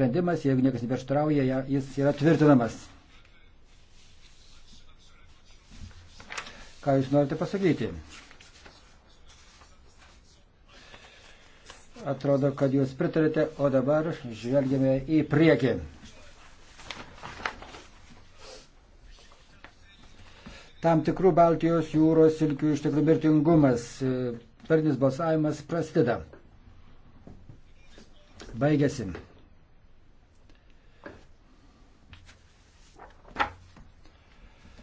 sprendimas, jeigu niekas neprieštrauja, jis yra tvirtinamas. Ką jūs norite pasakyti? Atrodo, kad jūs pritarėte, o dabar žvelgime į priekį. Tam tikrų Baltijos jūros silkių išteklių mirtingumas, pernis balsavimas prasideda. Baigėsi.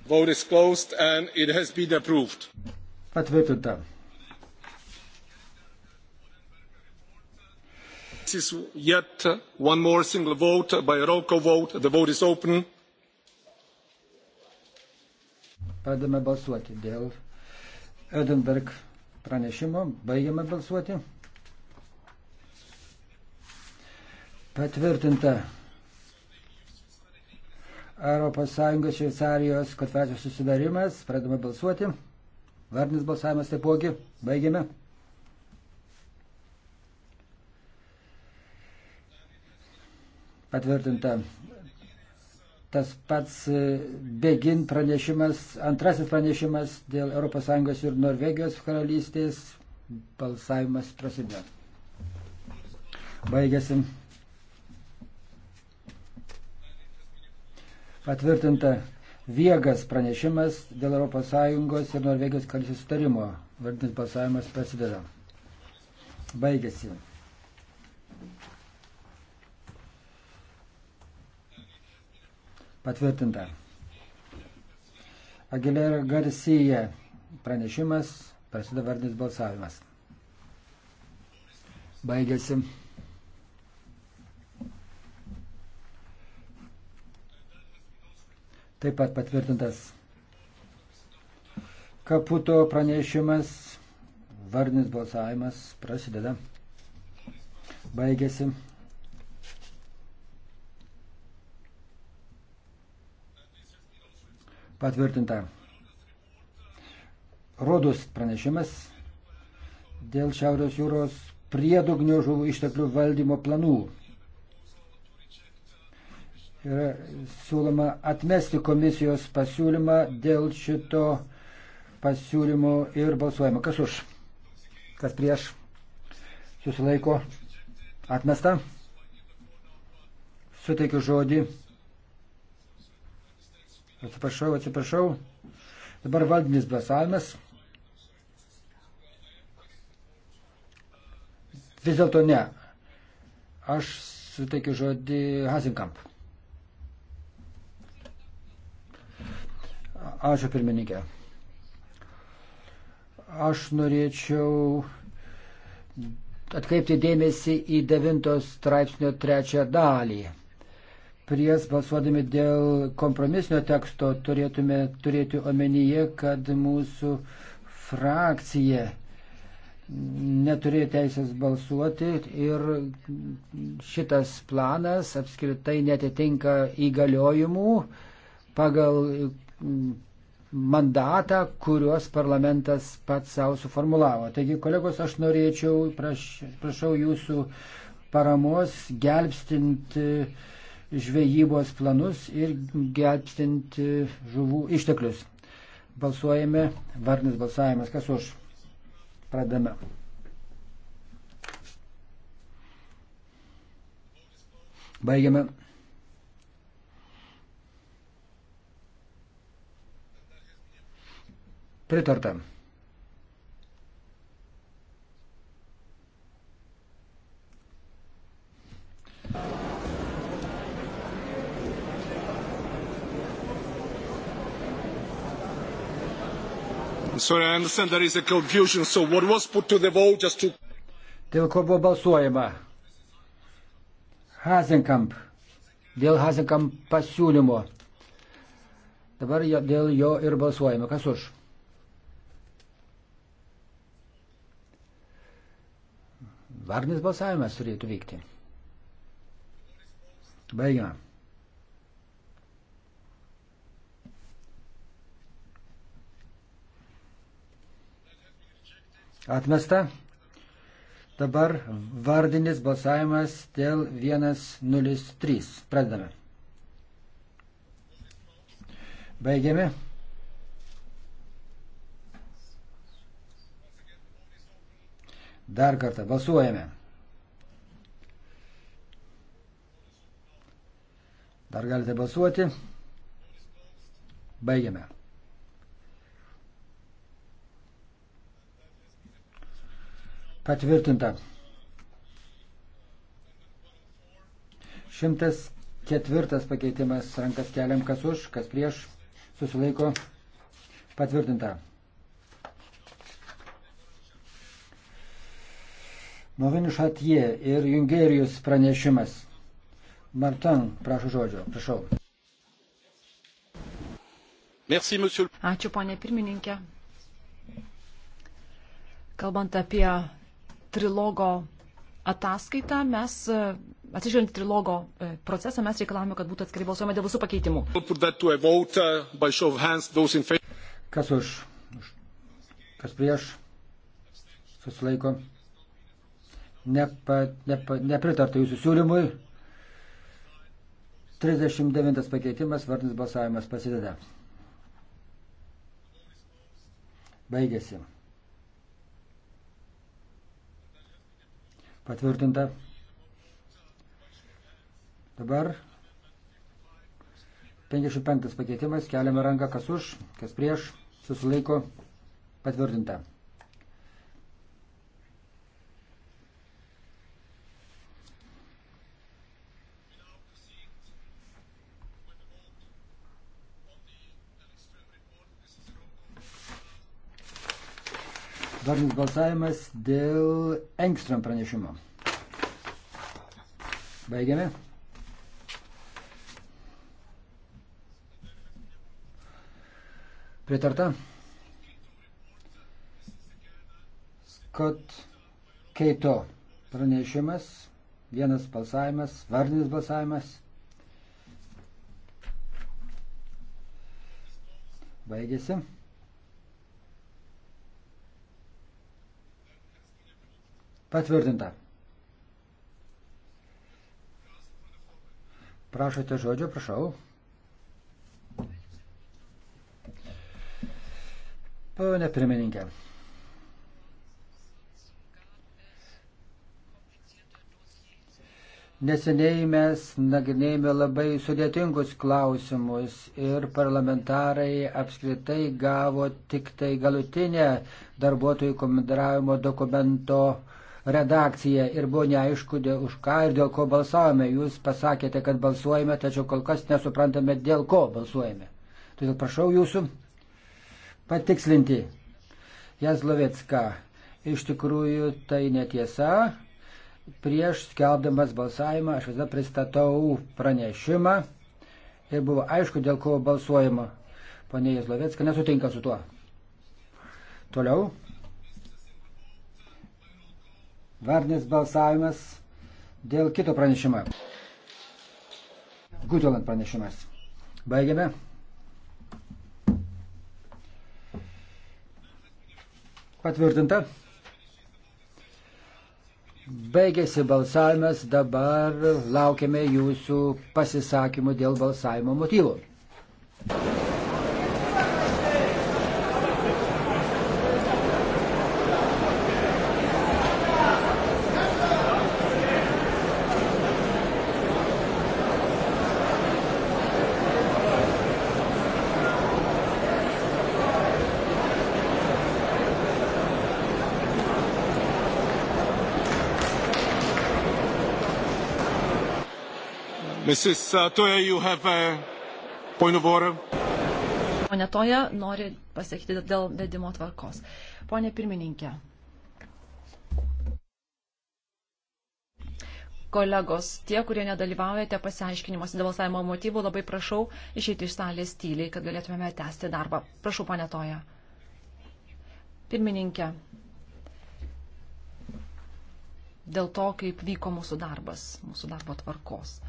Vote is closed and it has been approved. Patvirtinta. This is yet one more single vote by roll call vote. The vote is open. Pradame balsuoti dėl Edinburgh pranešimo. Baigiame balsuoti. Patvirtinta. ES Šveicarijos konferencijos susidarimas. Pradame balsuoti. Vardinis balsavimas taipogi. Baigiame. Patvirtinta. Tas pats e, Begin pranešimas, antrasis pranešimas dėl ES ir Norvegijos karalystės balsavimas prasidėjo. Baigėsi. patvirtinta Viegas pranešimas dėl ES ir Norvegijos karalystės sutarimo. Vardinis balsavimas prasideda. Baigėsi. Patvirtinta. Agilera Garcija pranešimas prasideda vardinis balsavimas. Baigėsi. taip pat patvirtintas. Kaputo pranešimas, vardinis balsavimas prasideda. Baigėsi. Patvirtinta. Rodus pranešimas dėl Šiaurės jūros priedugnių žuvų išteklių valdymo planų yra siūloma atmesti komisijos pasiūlymą dėl šito pasiūlymo ir balsuojama. Kas už? Kas prieš? Susilaiko? Atmesta? Suteikiu žodį. Atsiprašau, atsiprašau. Dabar valdinis balsavimas. Vis dėlto ne. Aš suteikiu žodį Hazinkamp. Ačiū pirmininkė. Aš norėčiau atkreipti dėmesį į 9 straipsnio trečią dalį. Prieš balsuodami dėl kompromisinio teksto turėtume turėti omenyje, kad mūsų frakcija neturėjo teisės balsuoti ir šitas planas apskritai netitinka įgaliojimų pagal mandatą, kuriuos parlamentas pats savo suformulavo. Taigi, kolegos, aš norėčiau, praš, prašau jūsų paramos gelbstinti e, žvejybos planus ir gelbstinti e, žuvų išteklius. Balsuojame, varnis balsavimas, kas už? Pradame. Baigiame. Pritarta. Sorry, I understand there is a confusion. So what was put to the vote just to... Dėl ko buvo balsuojama? Hazenkamp. Dėl Hazenkamp pasiūlymo. Dabar dėl jo ir balsuojama. Kas už? Vardinis balsavimas turėtų vykti. Baigiame. Atmesta. Dabar vardinis balsavimas dėl 103. Pradedame. Baigiame. Dar kartą balsuojame. Dar galite balsuoti. Baigiame. Patvirtinta. 104 pakeitimas rankas keliam, kas už, kas prieš, susilaiko patvirtinta. Movin Šatie ir Jungerijus pranešimas. Martin, prašau žodžio, prašau. Merci, monsieur... Ačiū, ponė pirmininkė. Kalbant apie trilogo ataskaitą, mes, atsižvelgiant trilogo e, procesą, mes reikalavome, kad būtų atskirai balsuojama dėl visų pakeitimų. Uh, Kas už? Kas prieš? Susilaiko nepa, nepa, nepritarta jūsų siūlymui. 39 pakeitimas, vardinis balsavimas pasideda. Baigėsi. Patvirtinta. Dabar 55 pakeitimas, keliame ranką, kas už, kas prieš, susilaiko, patvirtinta. Vardinis balsavimas dėl Engstrom pranešimo. Baigiame. Pritarta. Skot Keito pranešimas. Vienas balsavimas, vardinis balsavimas. Baigėsi. Patvirtinta. Prašote žodžio, prašau. Pane pirmininkė. Neseniai mes nagrinėjome labai sudėtingus klausimus ir parlamentarai apskritai gavo tik tai galutinę darbuotojų komandaravimo dokumento uh, redakciją ir buvo neaišku, dėl, už ką ir dėl ko balsavome. Jūs pasakėte, kad balsuojame, tačiau kol kas nesuprantame, dėl ko balsuojame. Todėl prašau jūsų patikslinti. Jazlovecka, iš tikrųjų tai netiesa. Prieš skelbdamas balsavimą aš visada pristatau pranešimą ir buvo aišku, dėl ko balsuojama. Pane Jazlovecka nesutinka su tuo. Toliau. Vardinis balsavimas dėl kito pranešimo. Gutelant pranešimas. Baigiame. Patvirtinta. Baigėsi balsavimas, dabar laukiame jūsų pasisakymų dėl balsavimo motyvų. Mrs. Uh, Toja, you have a point of order. Pone Toja nori pasakyti dėl vedimo tvarkos. Pone pirmininkė. Kolegos, tie, kurie nedalyvaujate pasiaiškinimuose dėl balsavimo motyvų, labai prašau išeiti iš salės tyliai, kad galėtumėme tęsti darbą. Prašau, pane Toja. Pirmininkė, dėl to, kaip vyko mūsų darbas, mūsų darbo tvarkos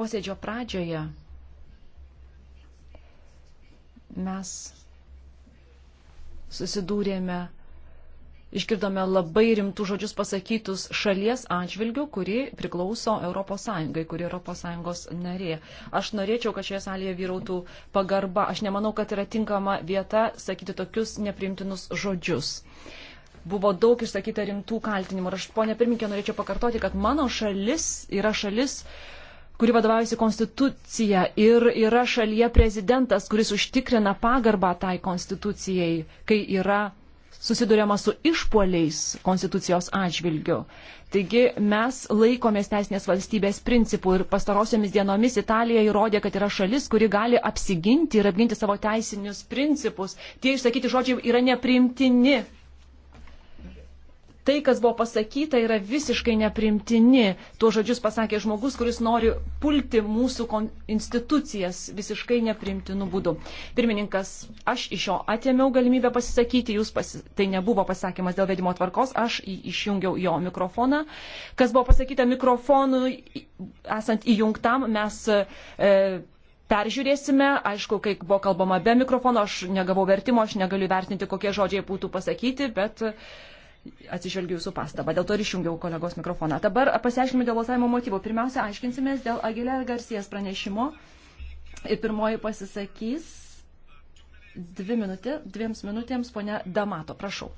posėdžio pradžioje mes susidūrėme, išgirdome labai rimtų žodžius pasakytus šalies atžvilgių, kuri priklauso ES, kuri ES narė. Aš norėčiau, kad šioje salėje vyrautų pagarba. Aš nemanau, kad yra tinkama vieta sakyti tokius neprimtinus žodžius. Buvo daug išsakyta rimtų kaltinimų. Ir aš, ponia pirminkė, norėčiau pakartoti, kad mano šalis yra šalis, kuri vadovaujasi konstitucija ir yra šalyje prezidentas, kuris užtikrina pagarbą tai konstitucijai, kai yra susidurėma su išpoliais konstitucijos atžvilgiu. Taigi mes laikomės teisinės valstybės principų ir pastarosiomis dienomis Italija įrodė, kad yra šalis, kuri gali apsiginti ir apginti savo teisinius principus. Tie išsakyti žodžiai yra nepriimtini tai, kas buvo pasakyta, yra visiškai neprimtini. Tuo žodžius pasakė žmogus, kuris nori pulti mūsų institucijas visiškai neprimtinu būdu. Pirmininkas, aš iš jo atėmiau galimybę pasisakyti, jūs pasi... tai nebuvo pasakymas dėl vedimo tvarkos, aš išjungiau jo mikrofoną. Kas buvo pasakyta mikrofonui, esant įjungtam, mes. E, peržiūrėsime. Aišku, kai buvo kalbama be mikrofono, aš negavau vertimo, aš negaliu vertinti, kokie žodžiai būtų pasakyti, bet atsižvelgiu jūsų pastabą. Dėl to ir išjungiau kolegos mikrofoną. Dabar pasiaiškinime dėl balsavimo motyvų. Pirmiausia, aiškinsimės dėl Agilė Garcijas pranešimo. Ir pirmoji pasisakys dvi minutė, dviems minutėms ponia Damato. Prašau.